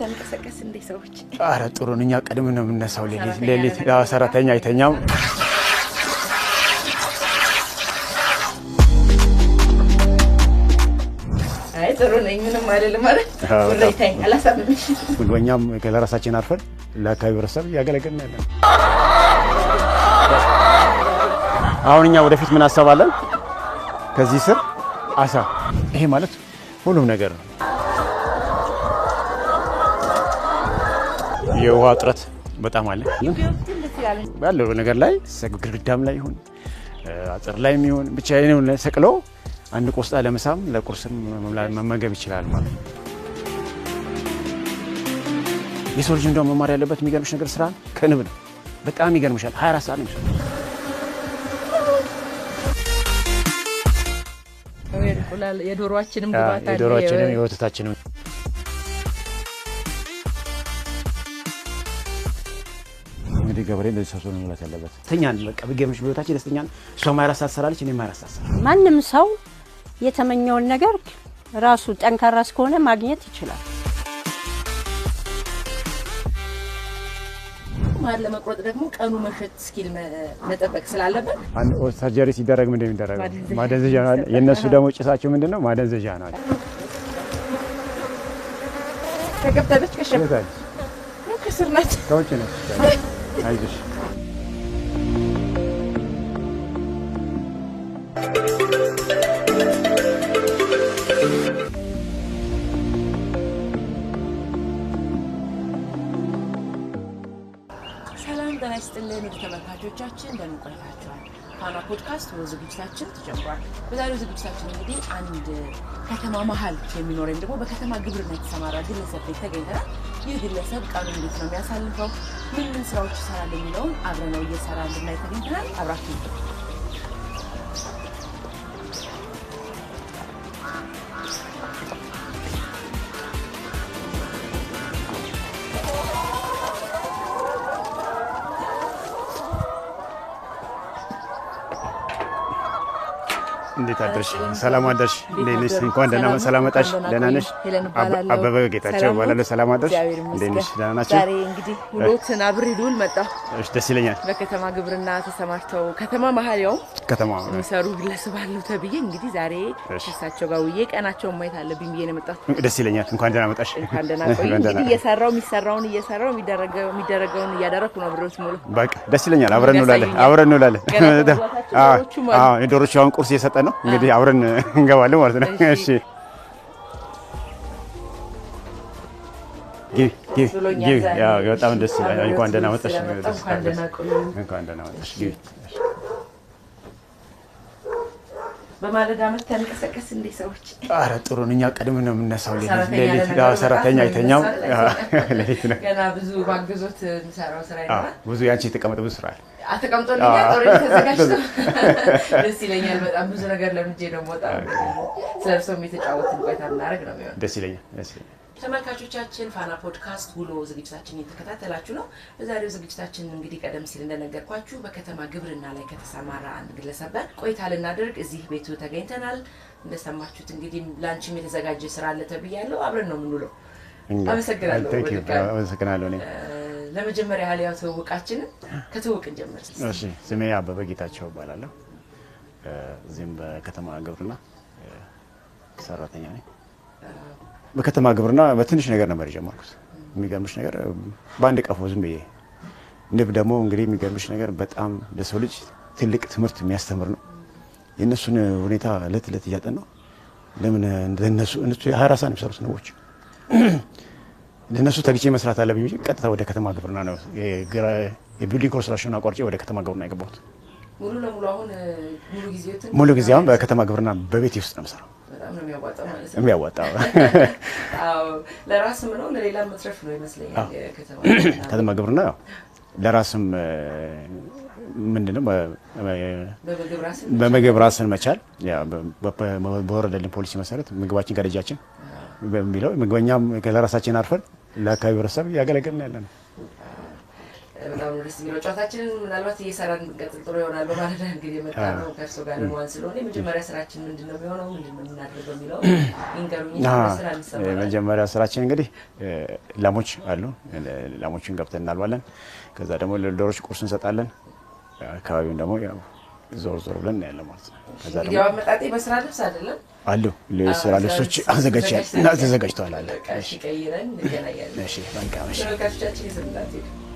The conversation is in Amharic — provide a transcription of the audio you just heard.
ተመሰቀስ እንዴ ሰዎች! አረ ጥሩ እኛ ቀድም ነው የምነሳው። ሌሊት ሰራተኛ አይተኛም። ጥሩ ነኝ፣ ምንም አይደለም ማለት ሁለኛም ለራሳችን አርፈን ለአካባቢ ህብረተሰብ እያገለገልን ያለን። አሁን እኛ ወደፊት ምን አሰባለን? ከዚህ ስር አሳ ይሄ ማለት ሁሉም ነገር ነው። የውሃ እጥረት በጣም አለ ባለው ነገር ላይ ግድግዳም ላይ ይሁን አጥር ላይ የሚሆን ብቻ ነው ሰቅሎ አንድ ቆስጣ ለምሳም ለቁርስም መመገብ ይችላል ማለት ነው። የሰው ልጅ እንደው መማር ያለበት የሚገርምሽ ነገር ስራ ከንብ ነው። በጣም ይገርምሻል። 24 ሰዓት ነው። የዶሮችንም ግባታ የዶሮችንም የወተታችንም ገበሬ እንደዚህ ሰብሰብ ነው መብላት ያለበት። ተኛ በቃ ብገምሽ በህይወታችን ደስተኛ እሷ እኔ ማይራስ ታሰራለች። ማንም ሰው የተመኘውን ነገር ራሱ ጠንካራ እስከሆነ ማግኘት ይችላል። ማን ለመቁረጥ ደግሞ ቀኑ መሸት እስኪል መጠበቅ ስላለበት ሰርጀሪ ሲደረግ ምንድን የሚደረገው ማደንዘዣ ነው። የእነሱ ደግሞ ጭሳቸው ምንድን ነው? ማደንዘዣ ነው። ተገብታለች ከሸ ከውጭ ነች። Haydi. ሰላም ጤና ይስጥልን። ተመልካቾቻችን እንደምን ቆይታችኋል? ፓራ ፖድካስት ዝግጅታችን ተጀምሯል። በዛሬው ዝግጅታችን እንግዲህ አንድ ከተማ መሀል የሚኖር ወይም ደግሞ በከተማ ግብርና የተሰማራ ግለሰብ ላይ ተገኝተናል። ይህ ግለሰብ ቀኑን እንዴት ነው የሚያሳልፈው፣ ምን ምን ስራዎች ይሰራል የሚለውን አብረነው እየሰራ እንድናይ ተገኝተናል። አብራችሁ እንዴት አደርሽ? ሰላም አደርሽ? እንዴት ነሽ? እንኳን ደህና ሰላም መጣሽ። ደህና ነሽ? አበበ ጌታቸው እባላለሁ። ሰላም አደርሽ? እንዴት ነሽ? ደህና ናቸው? ዛሬ እንግዲህ ውሎትን አብሬ ልውል መጣሁ። እሺ፣ ደስ ይለኛል። በከተማ ግብርና ተሰማርተው ከተማ መሀል ያው ከተማ የሚሰሩ ግለሰብ አሉ ተብዬ እንግዲህ ዛሬ ከእሳቸው ጋር ውዬ ቀናቸውን ማየት አለብኝ ብዬ ነው የመጣሁት። ደስ ይለኛል። እንኳን ደህና መጣሽ። እንኳን ደህና ቆይ። እንግዲህ እየሰራው የሚሰራውን እየሰራው የሚደረገውን እያደረኩ ነው ብረት ሙሉ። በቃ ደስ ይለኛል። አብረን እንውላለን። አብረን እንውላለን። ዶሮቹ አሁን ቁርስ እየሰጠ ነው ነው። እንግዲህ አብረን እንገባለን ማለት ነው። እሺ በጣም ደስ ይላል። እንኳን ደህና መጣሽ። በማለዳ መተን እንቀሳቀስ እንዴ ሰዎች? ጥሩ ነው። እኛ ቀድም ነው የምነሳው። ሌሊት ሰራተኛ አይተኛም። ሌሊት ነው ገና ብዙ ማግዞት የሚሰራው ስራ ይኖራል። ብዙ ያንቺ የተቀመጠ ብዙ ስራ አለ። ተቀምጦልኛል። ጦር ተዘጋጅቶ ደስ ይለኛል። በጣም ብዙ ነገር ለምጄ ነው የተጫወትን ቆይታ ነው ደስ ይለኛል። ተመልካቾቻችን ፋና ፖድካስት ውሎ ዝግጅታችን እየተከታተላችሁ ነው። በዛሬው ዝግጅታችን እንግዲህ ቀደም ሲል እንደነገርኳችሁ በከተማ ግብርና ላይ ከተሰማራ አንድ ግለሰብ ጋር ቆይታ ልናደርግ እዚህ ቤቱ ተገኝተናል። እንደሰማችሁት እንግዲህ ላንችም የተዘጋጀ ስራ አለ ተብያለሁ። አብረን ነው የምንውለው። አመሰግናለሁ። ለመጀመሪያ ያህል ያው ትውውቃችንን ከትውውቅ እንጀምር። ስሜ አበበ ጌታቸው እባላለሁ። እዚህም በከተማ ግብርና ሰራተኛ ነኝ። በከተማ ግብርና በትንሽ ነገር ነበር የጀመርኩት። የሚገርምሽ ነገር በአንድ ቀፎ ዝም ብዬ ንብ ደግሞ እንግዲህ የሚገርምሽ ነገር በጣም ለሰው ልጅ ትልቅ ትምህርት የሚያስተምር ነው። የእነሱን ሁኔታ እለት እለት እያጠን ነው። ለምን እንደነሱ እነሱ ሀራሳ ነው የሚሰሩት ንቦች። ለእነሱ ተግቼ መስራት አለብኝ እንጂ ቀጥታ ወደ ከተማ ግብርና ነው የቢልዲንግ ኮንስትራክሽን አቋርጬ ወደ ከተማ ግብርና የገባሁት። ሙሉ ጊዜ አሁን በከተማ ግብርና በቤት ውስጥ ነው የምሰራው። የሚያወጣው ለራስም ነው ለሌላ መትረፍ ነው ይመስለኛል። ከተማ ግብርና ለራስም ምንድነው በምግብ ራስን መቻል በወረደልን ፖሊሲ መሰረት ምግባችን ከደጃችን በሚለው ምግበኛም ለራሳችን አርፈን ለአካባቢ ህብረተሰብ እያገለገልን ያለ ነው። በጣም ደስ የሚለው ጨዋታችንን ምናልባት እየሰራን እንቀጥል ጥሩ ይሆናል። በማለዳ እንግዲህ የመጣ ነው ከእርሶ ጋር ለመዋል ስለሆነ የመጀመሪያ ስራችን ምንድን ነው የሚሆነው ምንድን ነው የምናደርገው የሚለው ይንገሩኝ። የመጀመሪያ ስራችን እንግዲህ ላሞች አሉ። ላሞችን ገብተን እናልባለን። ከዛ ደግሞ ለዶሮች ቁርስ እንሰጣለን። አካባቢውን ደግሞ ዞር ዞር ብለን ያለ ማለት ነው። አመጣጤ በስራ ልብስ አይደለም አሉ ልብሶች አዘጋጅተዋል አለ። ቀይረን እንገናኛለን።